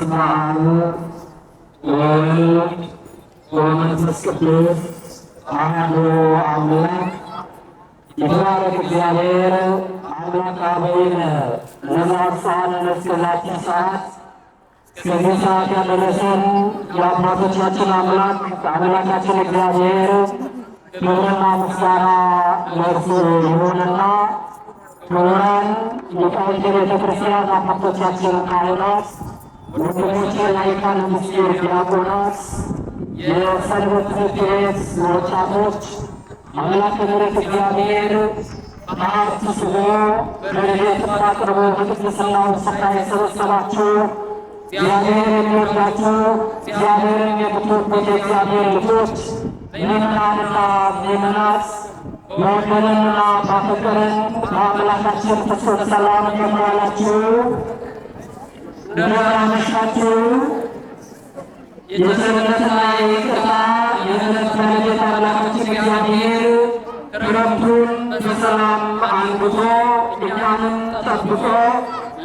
ስመ አብ ወወልድ ወመንፈስ ቅዱስ አሐዱ አምላክ። የተባረከ እግዚአብሔር አምላክ አበዊነ ዘመአብጽሐነ እስከዛችን ሰዓት እስከዚህ ሰዓት ያደረሰን የአባቶቻችን አምላክ አምላካችን እግዚአብሔር ክብርና ምስጋና ለእርሱ ይሁንና ክቡራን ሊቃውንተ ቤተክርስቲያን አባቶቻችን ካህናት ወንድሞቼ ላይካን ምስጢር ዲያቆናት፣ የሰንበት ትምህርት ቤት ወጣቶች አምላክ ምሕረት እግዚአብሔር በሀብት ስቦ በረድኤት አቅርቦ በቅድስናው ስፍራ የሰበሰባችሁ እግዚአብሔር የሚወዳችሁ እግዚአብሔርን የምትወዱት የእግዚአብሔር ልጆች ምእመናንና ምእመናት በወደደንና ባፈቀረን በአምላካችን ፍጹም ሰላም እንደምን ለመራመሻቸው የቸርነትና የይቅርታ የምሕረት ባለቤት አምላካችን እግዚአብሔር ክረምቱን በሰላም አንግቶ እኛንም ጠብቆ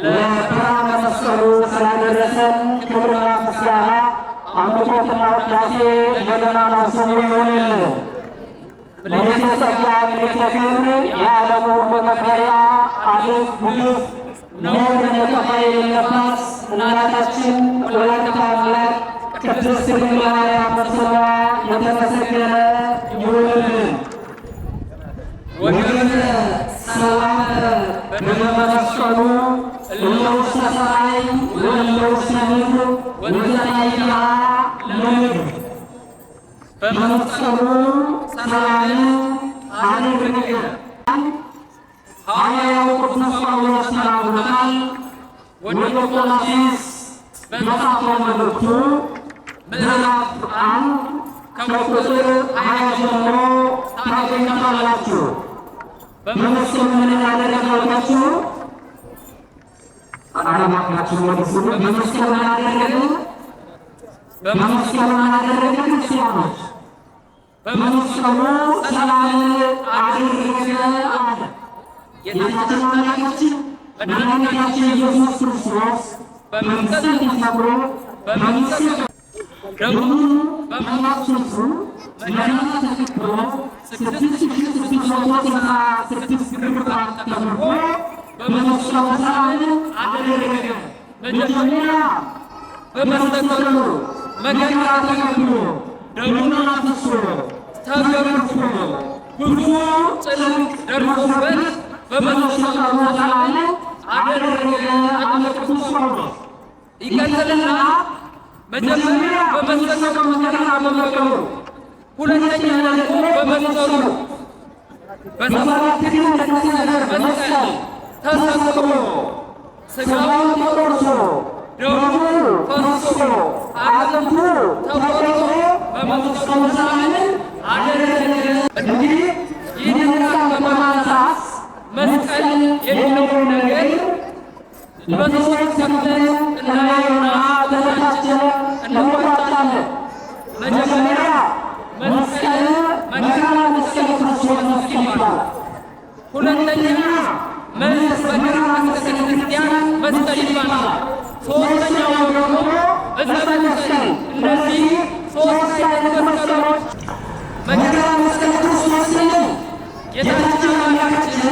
ለብርሃነ መስቀሉ ስላደረሰን ክብርና ምስጋና አምልኮትና ውዳሴ ለገናና ስሙ ይሆንልን። መቤተ ጸጋ መቤተ ክብር የዓለሙ ሁሉ መከበሪያ አብ ነው ለጠፋ የለፋስ እናታችን ወላዲተ አምላክ ቅድስት ድንግል ማርያም በስሟ የተመሰገነ ይሁን። ወገን ሰላም በመመሰሉ ለውስተ ሰማይ ወለውስተ ምድር ወዘናይያ ለምድር በመመሰሉ ሰላምን አድርገ ሐዋርያው ቅዱስ ጳውሎስ ተናግሮታል። ወደ ቆላስይስ መጻፈ መልእክቱ ምዕራፍ አንድ ከቁጥር ሃያ ጀምሮ ታገኙታላችሁ። በምስሉ ምን ያደረጋላችሁ? አለማክናችሁ ወደስሉ በምስሉ ምን ያደረገ በምስሉ ምን ያደረገ ክርስቲያኖች በምስሉ ሰላምን አደረገ የጌታችን አምላካችን መድኃኒታችን ኢየሱስ ክርስቶስ በመንቀጽ ተሰብሮ በመንቀጽ ደሙ በመላሱ መድኃኒት ተሰብሮ ስድስት ሺህ ስድስት መቶ ሰባ ስድስት ግርፋት ተመርኮ በመስቀሉ ሰዓል አደረገ። መጀመሪያ በመስተቀሉ መከራ ተቀብሎ ደሙን አፍስሶ ተገርፎ ብዙ ጭንቅ ደርሶበት በመሰጠሩ ኃላፊነት አደረገ አለ ቅዱስ ጳውሎስ። ይቀጥልና መጀመሪያ በመሰጠሩ መከራ በመቀበሉ፣ ሁለተኛ ደግሞ በመሰጠሩ በሰባተኛ ለተሰደር መስቀል ተሰቅሎ ሥጋው ተቆርሶ ደሙ ፈስሶ አጥንቱ ተቆርጦ በመሰጠሩ ኃላፊነት አደረገ። እንግዲህ ይህ መስቀል የሚለውን ነገር በትኩረት ሰምተን እናየውና ለታችን እንወጣለን። መጀመሪያ መስቀል መከራ መስቀል ክርስቶስ ይባላል። ሁለተኛ መከራ መስቀል ክርስቲያን መስቀል ይባላል። ሶስተኛው ደግሞ እፀ መስቀል። እነዚህ ሶስት አይነት መስቀሎች መከራ መስቀል ክርስቶስ ነው ጌታችን አምላካችን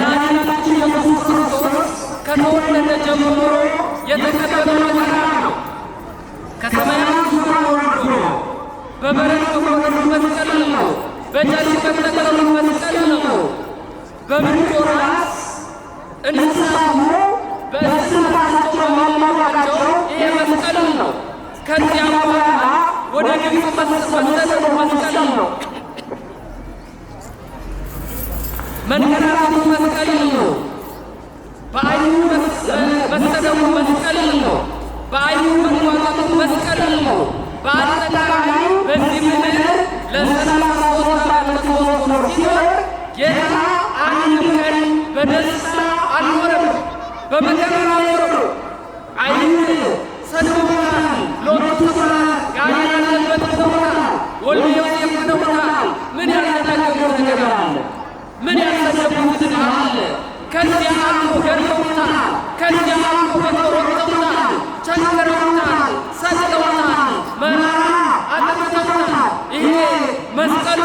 መድኃኒታችን ኢየሱስ ክርስቶስ ከተወለደ ጀምሮ የተከተለው መከራ ነው። ከሰማያት ስራ ወርዶ በበረት በቆረሩ መስቀል ነው። በእንጨት በተሰቀለው መስቀል ነው። በምንጭ ራስ እንስሳሙ በእስራታቸው በማማራቸው ይሄ መስቀል ነው። ከዚያም በኋላ ወደ ግብፅ መሰደድ ምን ያልሰደቡትን አለ ከዚያ አልፎ ገርፈውታል፣ ከዚያ አልፎ ገፈወቅተውታል፣ ቸንክረውታል፣ ሰጥተውታል፣ መራራ አጥፍተውታል። ይሄ መስቀሉ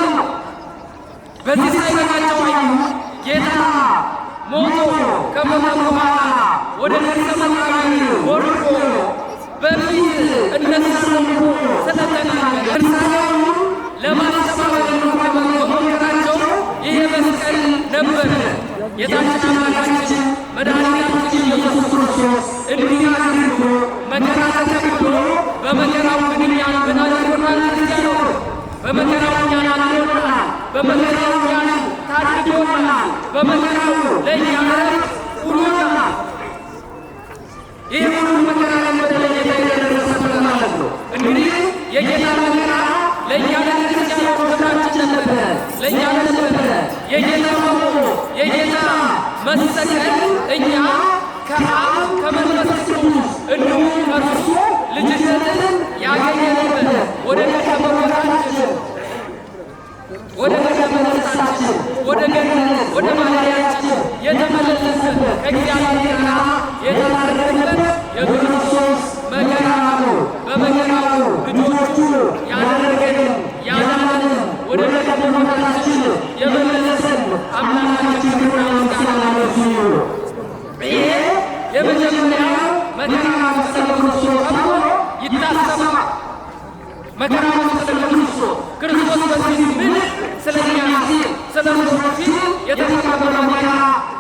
በዚህ ሳይበቃቸው ጌታ ሞቶ ከሞተ በኋላ ወደ ገርሰ መቃብር ወርዶ በፊት እነሳሰሙ ስለተናገር እርሳቸውን ለማስተባበር ነው ከመቆ ነበር። ጌታችን አምላካችን መድኃኒታችን ኢየሱስ ክርስቶስ እንዲህ አድርጎ መከራ ተቀብሎ በመከራው ግን በታድጎናል ያለው በመከራው እኛን አድጎናል፣ በመከራው እኛን ታድጎናል፣ በመከራው ለእኛ ዕረፍት ይህ ሁሉ መከራ ነበር ለጌታ የደረሰበት ማለት ነው። እንግዲህ የጌታ መከራ ለእኛ ለክርስቲያኖች ክብራችን ነበረ፣ ለእኛ ነበረ የጌታ በስተቀር እኛ ከአብ ከመንፈስ ቅዱስ እንዲሁም ከእርሱ ልጅነትን ያገኘንበት ወደ ተከበሮታችን ወደ መቀመጣችን ወደ ገነት ወደ ማደሪያችን የተመለሰበት ከእግዚአብሔር ጋር የተባረከበት የክርስቶስ መገራ ነው። በመገራ መከራ መሰለ ክርስቶስ በዚህ ምን ስለኛ ስለ ፊት የተፈራ መከራ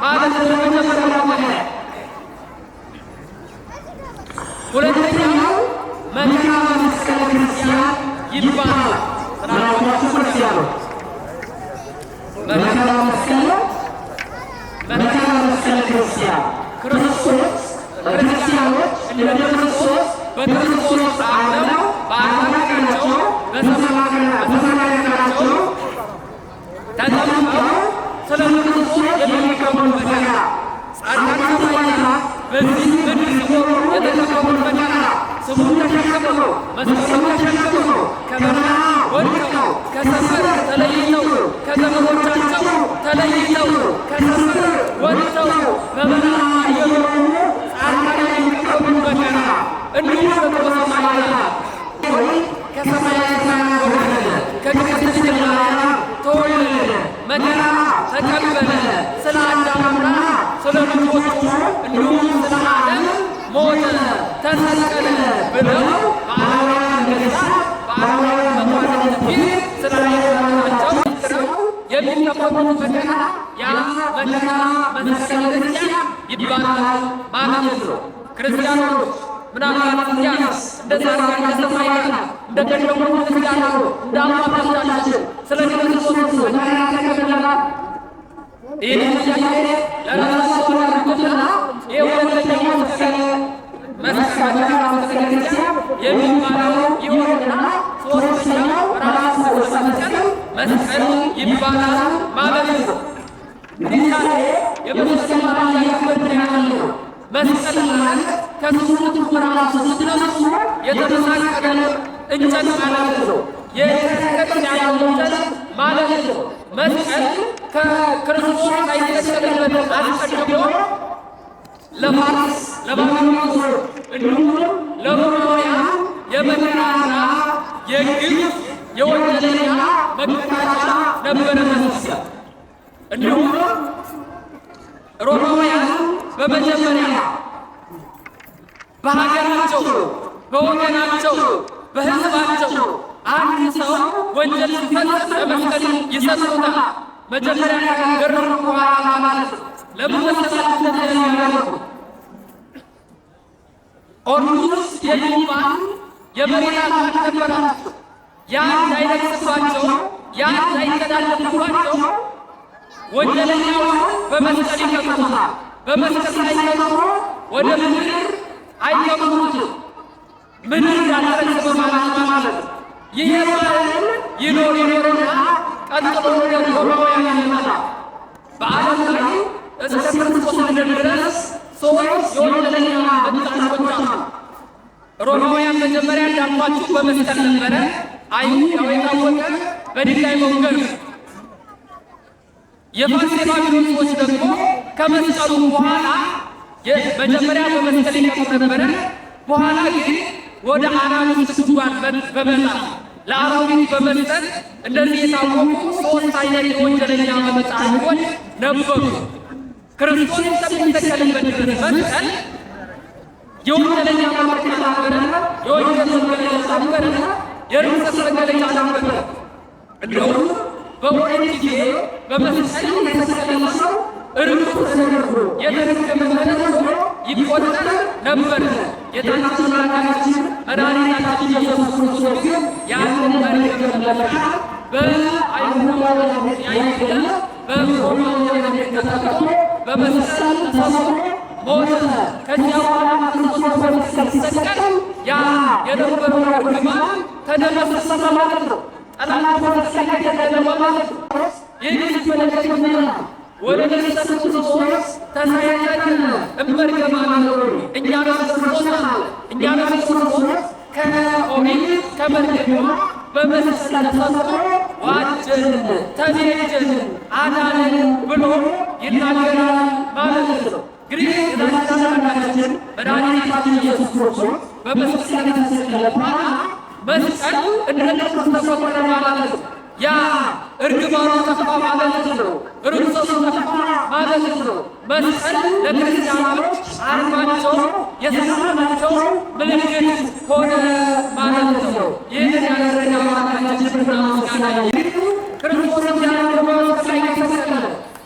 ማለት ለመጀመሪያ ተሸክሞ መስቀሉን ተሸክሞ ከበረሃ ወድቀው ከሰማ ማለት ነው። ክርስቲያኖች ምናልባት እኛስ እንደ ዛሬ ተሰማይና እንደ ቀደሙ ክርስቲያኖች እንደ አባቶቻችን ስለ ክርስቶስ መከራ ተቀብለናል። ይህ ጥያቄ ለራሳቸው ያደርጉትና የሁለተኛው ተሰለ መስቀል ቤተክርስቲያን የሚባለው ይሁንና ሶስተኛው ራስ መስቀል መስቀል ይባላል ማለት ነው። ምሳሌ የምሰማ ያከብደናል። መስቀል ማለት ከስሩ ጥቁር ራሱ ስትነሱ የተመሳቀለ እንጨት ማለት ነው። የተቀጥን እንጨት ማለት ነው። መስቀል ከክርስቶስ ሳይሰቀልበት አስቀድሞ ለፋርስ ለባቢሎን እንዲሁም ለሮማውያ የመከራ የግፍ የወንጀለኛ መቀጣጫ ነበረ መስቀል እንዲሁም ሮማውያን በመጀመሪያ በሀገራቸው፣ በወገናቸው፣ በሕዝባቸው አንድ ሰው ወንጀል ሲፈጽም ለመግደል ይሰጡታል። መጀመሪያ ከገረሩ በኋላ ማለት ለመመሰላቸት የሚያደርጉ ኦርቶዶክስ የሚባል የመሬታት ነበራቸው። ያን እንዳይደርስባቸው፣ ያን እንዳይተላለፍባቸው ወንጀለኛውን በመስቀል ይቀጡታል። በመስቀል ላይ ቀጥሮ ወደ ምድር አይቀብሩትም። ምድር ያልተረገመ ማለት ማለት ይህ ይኖር ይኖርና ቀጥሎ ወደ ሮማውያን ይመጣል። በዓለም ላይ እስከ ክርስቶስ ልደት ድረስ ሰዎች የወንጀለኛ መጠቀሶች ሮማውያን መጀመሪያ እንዳልኳችሁ በመስቀል ነበረ። አይሁድ ያው የታወቀ በድንጋይ መውገር የፋርስ ባቢሎን ሰዎች ደግሞ ከመስቀሉ በኋላ መጀመሪያ በመስቀል ይቀጡ ነበረ። በኋላ ግን ወደ አናብስት ጉድጓድ በመጣል ለአራዊት በመስጠት እንደዚህ የታወቁ ሶስት አይነት የወንጀለኛ መቅጫ ነበሩ። ክርስቶስ እስከሚሰቀልበት መስቀል የወንጀለኛ መቅጫ ነበረ፣ የወንጀል መገለጫ ነበረ፣ የርኩሰት መገለጫ ነበረ። እንደውም በሁለት ጊዜ በመስቀል የተሰቀለ ሰው እርኩስ ተደርጎ የተረገመለት ሆኖ ይቆጠር ነበር። ጌታችን አምላካችን መድኃኒታችን ኢየሱስ ክርስቶስ ግን ያንን ተረገመለት በአይሁዳውያን ያይደለ በሮማውያን በመስቀል ተሰቅሎ ሞተ። ከዚያ በኋላ ክርስቶስ በመስቀል ሲሰቀል ያ የነበረው እርግማን ተደመሰሰ ማለት ነው። ጠላት በመሳካት ያለመ ማለት የኢየሱስ መለከት ምንና ወደ ኢየሱስ ክርስቶስ ተሳያለን እመርገማ ነው። እኛ ክርስቶስ እኛ ክርስቶስ ከኦሪት ከመርገማ በመስቀል ተሰቅሎ ዋጀን ተቤጀን አዳነን ብሎ ይናገራል ማለት ነው። እንግዲህ የዛሬ ታላቃችን መድኃኒታችን ኢየሱስ ክርስቶስ በመስቀል ተሰቀለ በኋላ መስቀል እንደ ክርስቶስ ተቆጠረ ማለት ነው። ያ እርግማኑ ጠፋ ማለት ነው። ርኩሰቱ ጠፋ ማለት ነው። መስቀል ለክርስቲያኖች አርማቸው የሰላማቸው ምልክት ሆነ ማለት ነው። ይህን ያደረገ አምላካችን ምስጋና ይሁን። ክርስቶስን ያለ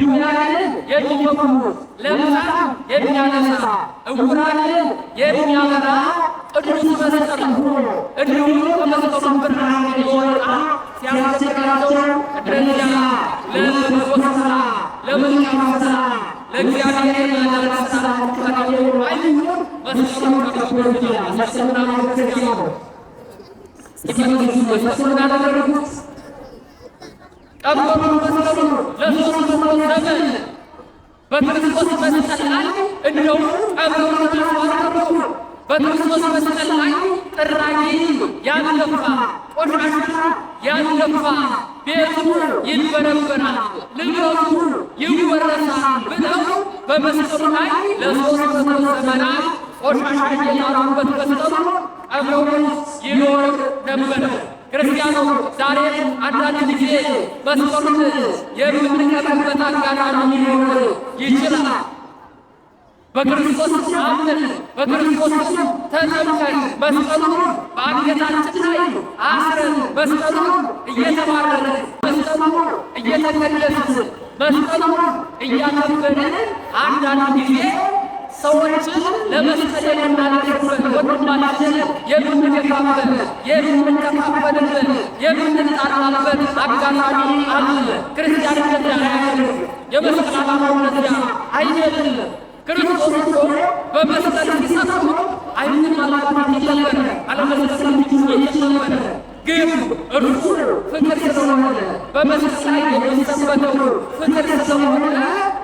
ድውያንን የሚፈውስ ለምጻም የሚያነሳ እውራንን የሚያበራ ቅዱስ መስቀል እንዲሁም ከመስቀሉ ብርሃን የወጣ ሲያስቸግራቸው እንደዚያ ለበጎ ስራ፣ ለእግዚአብሔር ለመልካም ስራ አይሁን መስቀሉ ተቀበሉ ይላል። መስቀሉን አመሰግናለሁ። ሲመልሱ መስቀሉን አደረጉት። ቀበሩ መስቀሉ ለሶስት መቶ ዘመን በክርስቶስ መስቀል ላይ እንደውም ቀበሩ ተስዋቀሩ በክርስቶስ መስቀል ላይ ጥራጊ ያለፋ ቆሻሹ ያለፋ ቤቱ ይበረበራል፣ ንብረቱ ይወረሳል ብለው በመስቀሉ ላይ ለሶስት መቶ ዘመናት ቆሻሻ እየጣሉበት መስቀሉ ቀብረው ይኖር ነበረ። ክርስቲያኖ ዛሬ አንዳንድ ጊዜ በስፖርት የምንቀበልበት አጋጣሚ ሊኖር ይችላል። በክርስቶስ አምነን በክርስቶስ ተጠምቀን መስቀሉን በአንገታችን ላይ አስረን መስቀሉን እየተባረርን መስቀሉን እየተቀደስን መስቀሉን እያከበርን አንዳንድ ጊዜ ሰዎችን ለመሰደድና ለመፍረድ ወንድማችን የምንገፋበት የምንተፋፈልበት የምንጣላበት አጋጣሚ አለ። ክርስቲያንነት ያ አይደለም፣ የመስቀል ዓላማነት ያ አይደለም። ክርስቶስ እኮ በመስቀል ሲሰፍሩ አይንን ማላባት ነበር፣ አለመስጠት ነበር። ግን እርሱ ፍቅር ስለሆነ በመስቀል ላይ የሚሰበተው ፍቅር ስለሆነ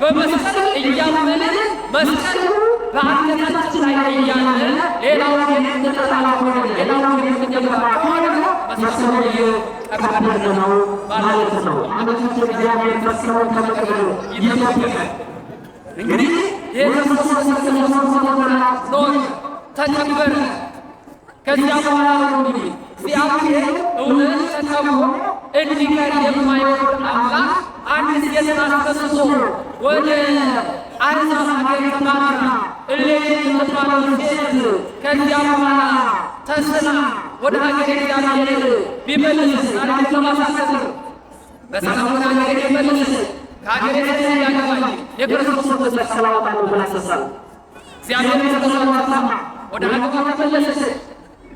በመስቀል እያመን መስቀል በአንገታችን ላይ ሌላው ሆነ ሌላው የምንገባ ሆነ መስቀሉ ነው ማለት ነው። እግዚአብሔር መስቀሉን እንግዲህ ከዚያ በኋላ ነው እንግዲህ እግዚአብሔር እውነት እንዲቀር የማይወድ አምላክ አንድ ሴትን አስነስቶ ወደ አርሳስ ሀገር ተባረረ። እሌኒ የምትባለው ሴት ከዚያ በኋላ ተስና ወደ ሀገር እግዚአብሔር ቢመልስ ታሪክን ለማሳሰብ በሰላም ሀገር ቢመልስ ከሀገር የተለየ ያገባል የክርስቶስ ሰላም ወጣ ነው ብላ እግዚአብሔር ተሰማ ወደ ሀገር ተመለሰች።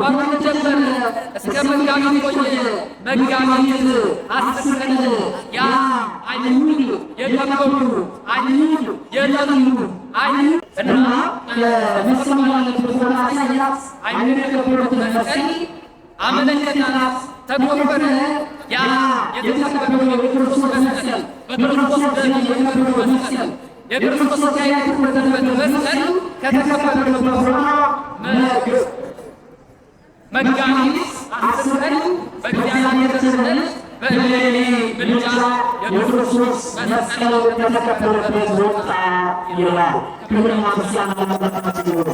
ቁርባኑ ጀመረ እስከ መጋቢት ቆየ። መጋቢት አስር ቀን ያ አይሁድ የከበሩ አይሁድ የጠሉ አይሁድ እና መሰማማለት ቦታ አይሁድ የከበሩት መስቀል አመለከታናት ተቆፈረ ያ የተሰበረው የክርስቶስ መስቀል በክርስቶስ ደም የተከበረው መስቀል የክርስቶስ ያ የተከበረው መስቀል ከተከበረው በኋላ መግብ መጋቢት አስር ቀን በእግዚአብሔር ተሰጠን በእሌኒ ምልጃ የክርስቶስ መስቀል ከተከበረበት ወጣ ይላል። ክብርና ምስጋና ለአምላካችን ይሁን።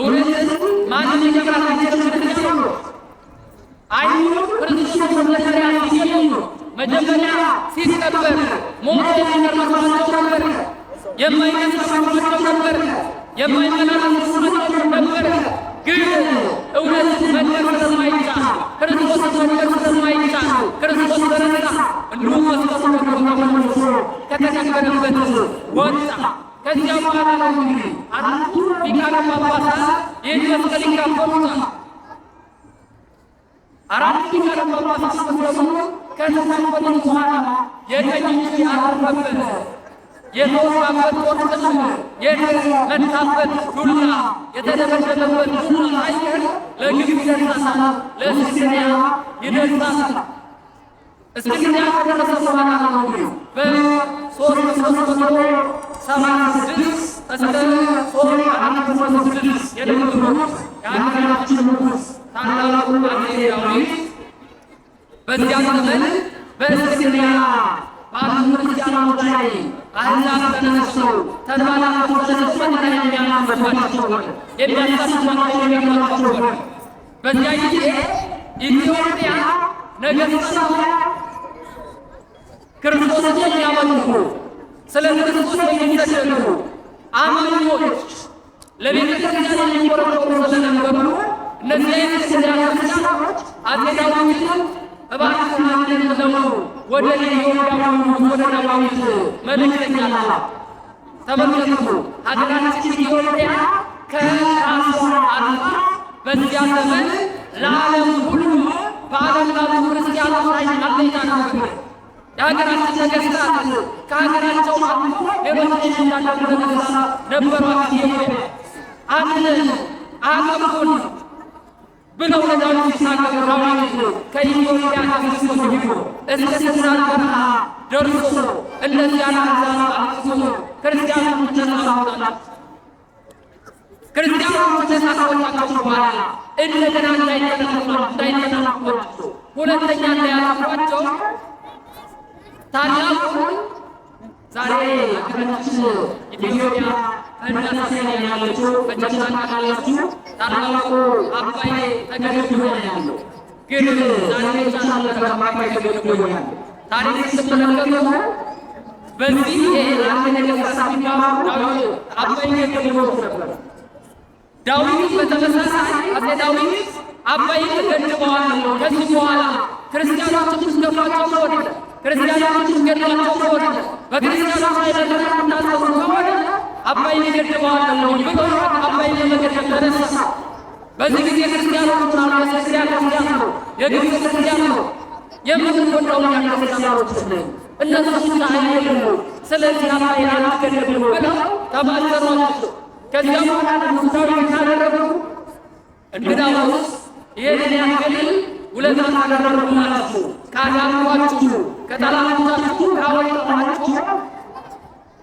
እውነትን ማንም ይከብራል አይችልም ነው። አይሁድ ክርስቶስ መሰሪያ ሲገኙ መጀመሪያ ሲሰበር ሞት የሚነርሳቸው ነበር። የማይነሳቸው ነበር የማይጠናት እውነት ነበር፣ ግን እውነት መድረስ ስለማይቻል ክርስቶስ መድረስ ስለማይቻል ክርስቶስ ተነሳ። እንዲሁም መስቀሉ ተመልሶ ከተቀበረበት ወጣ። ከዚያ በኋላ ነው እንግዲህ አራቱ ሊቃነ ጳጳሳት ይህን መስቀል ይካፈሉታል። አራቱ ሊቃነ ጳጳሳት መስቀሉ ከተካፈሉት በኋላ የቀኝ እጅ አረፈበት የተወጋበት ቆርጥም፣ የተመታበት ዱላ፣ የተደበደበበት ዱላ ሳይቀር ለግብ ይደርሳል፣ ለእስክንድርያ ይደርሳል። እስክንድርያ ከደረሰ በኋላ በሶስት መቶ ሰባ ስድስት እስከ ሶስት አራት መቶ ስድስት የነበሩት የሀገራችን ንጉሥ ታላቁ አፄ ዳዊት በዚያ ዘመን በእስክንድርያ በአብያተ ክርስቲያናት ላይ አሕዛብ ተነስተው ተንባላቶች ተነስተው ወደኛ የሚያናፍባቸው ሆነ የሚያሳስባቸው የሚያምራቸው ሆነ። በዚያ ጊዜ ኢትዮጵያ ነገሥታት ክርስቶስን የሚያመልኩ ስለ ክርስቶስ የሚሰደዱ አማኞች ለቤተ ክርስቲያን የሚቆረቆሩ ስለነበሩ እነዚህ አይነት ስዳያ ክርስቲያኖች አጤዳዊትን እባክህ አንተን ወደ ኢትዮጵያውያን ወደ ናባዊት መልእክተኛ ተመልከቱ። ሀገራችን ኢትዮጵያ ከራስዋ አልፋ በዚያ ዘመን ለዓለም ሁሉ በዓለም ላሉ ክርስቲያኖች ላይ አለኝታ ነበር። የሀገራችን ነገሥታት ከሀገራቸው አልፎ ሌሎች እንዳለ ነገሥታት ነበሯት። ኢትዮጵያ አንን አቀብኩን ብለው ለዳዊት ሲናገሩ ዳዊት ከኢትዮጵያ ተነስቶ ሄዶ እስከ በረሃ ደርሶ እነዚያን አሕዛብ አጥቅቶ ክርስቲያኖችን ነፃ አወጣላቸው። በኋላ እንደገና እንዳይተናኮላቸው ሁለተኛ እንዳያጠፏቸው ታላቁን ዛሬ አገራችን ኢትዮጵያ እናሳሰኛለችው በጀታ ቃላችሁ ታላቁ አባይ ተገድቦ ነው ያለው። ግን ዛሬ ቻናል አባይ ተገድቦ ታሪክ ስትመለከቱ በዚህ አባይ ተገድቦ ዳዊት በተመሳሳይ ዳዊት አባይ ተገድበዋል። ከዚህ በኋላ ክርስቲያኖች ክርስቲያኖች ገድሏቸው ከሆነ በክርስቲያኖች ላይ ከሆነ አባይን እገድበዋለሁ ብሎ አባይን ለመገደብ ተነሳ። በዚህ ጊዜ ክርስቲያኑ ምናሉ ክርስቲያን ክርስቲያን ነው፣ የግብፅ ክርስቲያን ነው። የምንጎዳው እኛ ክርስቲያኖች ነን፣ እነሱ ብቻ አይደሉም። ስለዚህ አባይን አትገድቡ ብለው ተማከሯቸው። ከዚያ በኋላ ንጉሳዊ ካደረጉ እንግዳውስ ይህንን ያክል ውለታ ካደረጉላችሁ ካዳንኳችሁ ከጠላቶቻችሁ ካወጣኋችሁ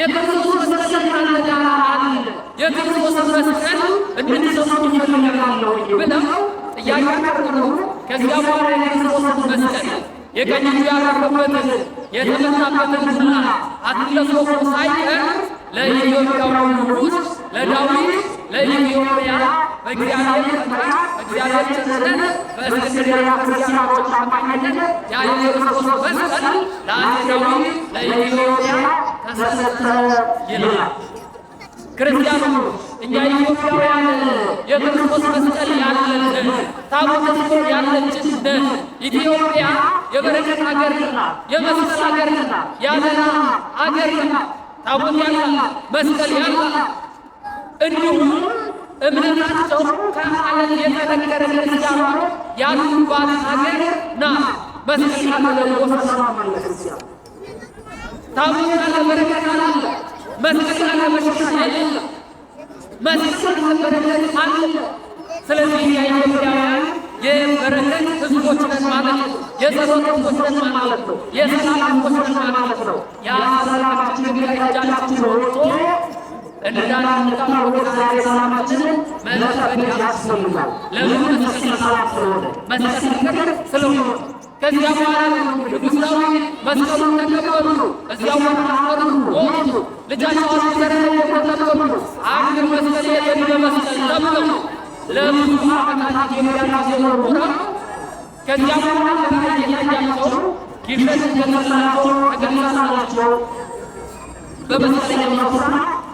የክርስቶስ መስቀል ካንተ አለ፣ የክርስቶስ ይፈልጋለሁ ብለው ጥያቄ ከዚያ በኋላ ያረፈበትን ሳይቀር ለኢትዮጵያዊ ንጉሥ ለዳዊት ለኢትዮጵያ በእግዚአብሔር ፈቃድ በእግዚአብሔር ቸርነት በእስክንድርያ ክርስቲያኖች አማካኝነት ኢትዮጵያ የበረከት ሀገር የመስቀል ሀገር ናት፣ ሀገር ታቦት ያላት መስቀል ያላት እንዲሁም እምነታቸው ከዓለም የተነገረ ክርስቲያኗ ያሉባት ሀገር ናት። መስቀል ተለወሰ ታቦት ለበረከት አለ። መስቀል ለበሽታ የለ። መስቀል ለበረከት አለ። ስለዚህ እኛ ኢትዮጵያውያን የበረከት ህዝቦች ነን ማለት ነው። የጸሎት ህዝቦች ነን ማለት ነው። የሰላም ህዝቦች ነን ማለት ነው። ያ ሰላማችን ግን ከእጃችን እንዳንታወቅ ዛሬ ሰላማችንን መጠበቅ ያስፈልጋል። ለምን መስቀል ሰላም ስለሆነ መስቀል ፍቅር ስለሆነ ከዚያ በኋላ ንጉሥ ዳዊት መስቀሉን ተቀበሉ። እዚያ ወራሩ ሞቱ። ልጃቸው አስገረነ ተቀበሉ። አንድ መስቀል የሌለ መስቀል ተብለው ለብዙ ዓመታት የሚያናዘሩ ቁራን ከዚያ በኋላ በላይ የታያቸው ጊፍት እንደመሰላቸው ተገለጸላቸው በመስቀለኛ ቁርባን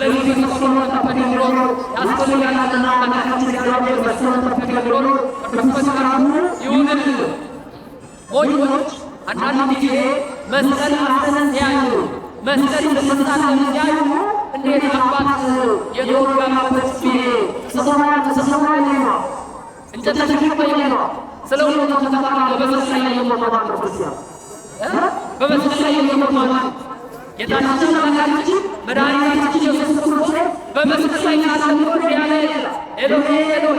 ለዚህ ተቆሎ ተፈግሮ ያስፈልጋልና አምላካችን እግዚአብሔር በስሙ ተፈግሮ ቅዱስ መራሙ ይሁንልን። ሞኞች አንዳንድ ጊዜ መስቀል አስተን ሲያዩ መስቀል እንደመሳለም ሲያዩ እንዴት አባት የተወጋበት ፊ ተሰማኝ ነው እንጨት ተሸክመኝ ነው ስለ ሁሉ ተተፋ በመስቀል ላይ የሞተ ማን ነው? ክርስቲያን በመስቀል ላይ የሞተ ማን ነው? ጌታችን አምላካችን መድኃኒታችን ኢየሱስ ክርስቶስ በመስቀል ላይ ያለ ኤሎሄ ኤሎሄ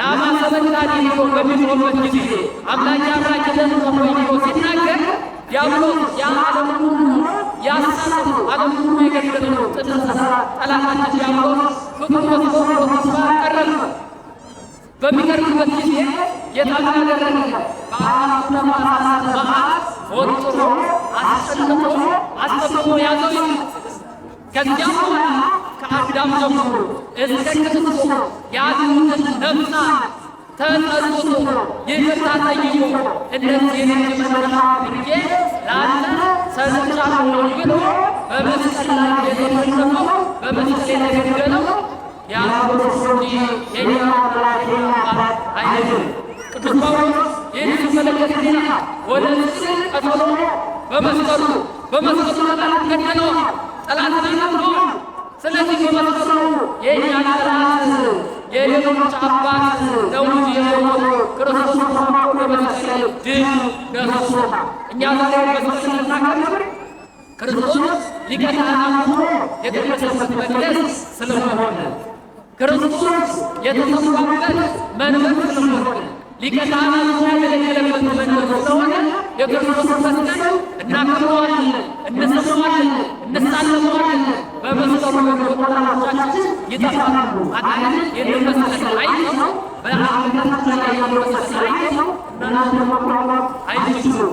ላማ ሰበቅታኒ በሚጮህበት ጊዜ አምላኬ አምላኬ ለምን ሰማኸኝ ብሎ ሲናገር ዲያብሎስ የዓለም ሁሉ ያሳሰቡ ዓለም ሁሉ የገደለው ጥንተ ጠላታችን ዲያብሎስ ፍቅር መስሎ ተስፋ ቀረበ። በሚተርፉበት ጊዜ የታላ ደረገ በአራቱ ነፋሳት መዓት ወጥሮ አስጨንቆ አስጠብቆ ያዘው ይላል። ከዚያም በኋላ ከአዳም ጀምሮ እስከ ክርስቶስ ያሉትን ነፍሳት ተጸጽቶ ይቅርታ ጠይቆ እነዚህ የመጨረሻ ብርጌ ለአንተ ሰጥቻለሁ ብሎ በመስቀል ላይ የተፈጸመው በመስቀል የተገደለው የአብነት ሰው እንጂ የኔ አምላክ የኔ አባት አይደለም። ቅዱስ ጳውሎስ ይህን ሲመለከት ዜና ወደ ምስል ቀጥሎ በመስቀሉ በመስቀሉ ጠላት ገደለዋል። ጠላት ገድለዋል። ስለዚህ በመስቀሉ የእኛ ጠላት የሌሎች አባት ነው እንጂ የሆኑ ክርስቶስ ተማቆ በመስቀል ድል ደርሶና እኛ ዛሬ በመስቀል እናከብር ክርስቶስ ሊቀ ካህናት ሆኖ የተቀደሰበት መቅደስ ስለሆነ ክርስቶስ የተሰዋበት መንፈስ ስለሆነ ሊቀ ካህናት ያገለገለበት መንፈስ ስለሆነ የክርስቶስ መስቀል እናከብረዋለን፣ እንስመዋለን፣ እንሳለመዋለን። በመስቀሉ ጠላቶቻችን ይጠፋሉ። አጣን የንመሰለ አይት ነው በአብነታቸው ላይ ያለው አይት ነው እናንተ መኩራራት አይችሉም።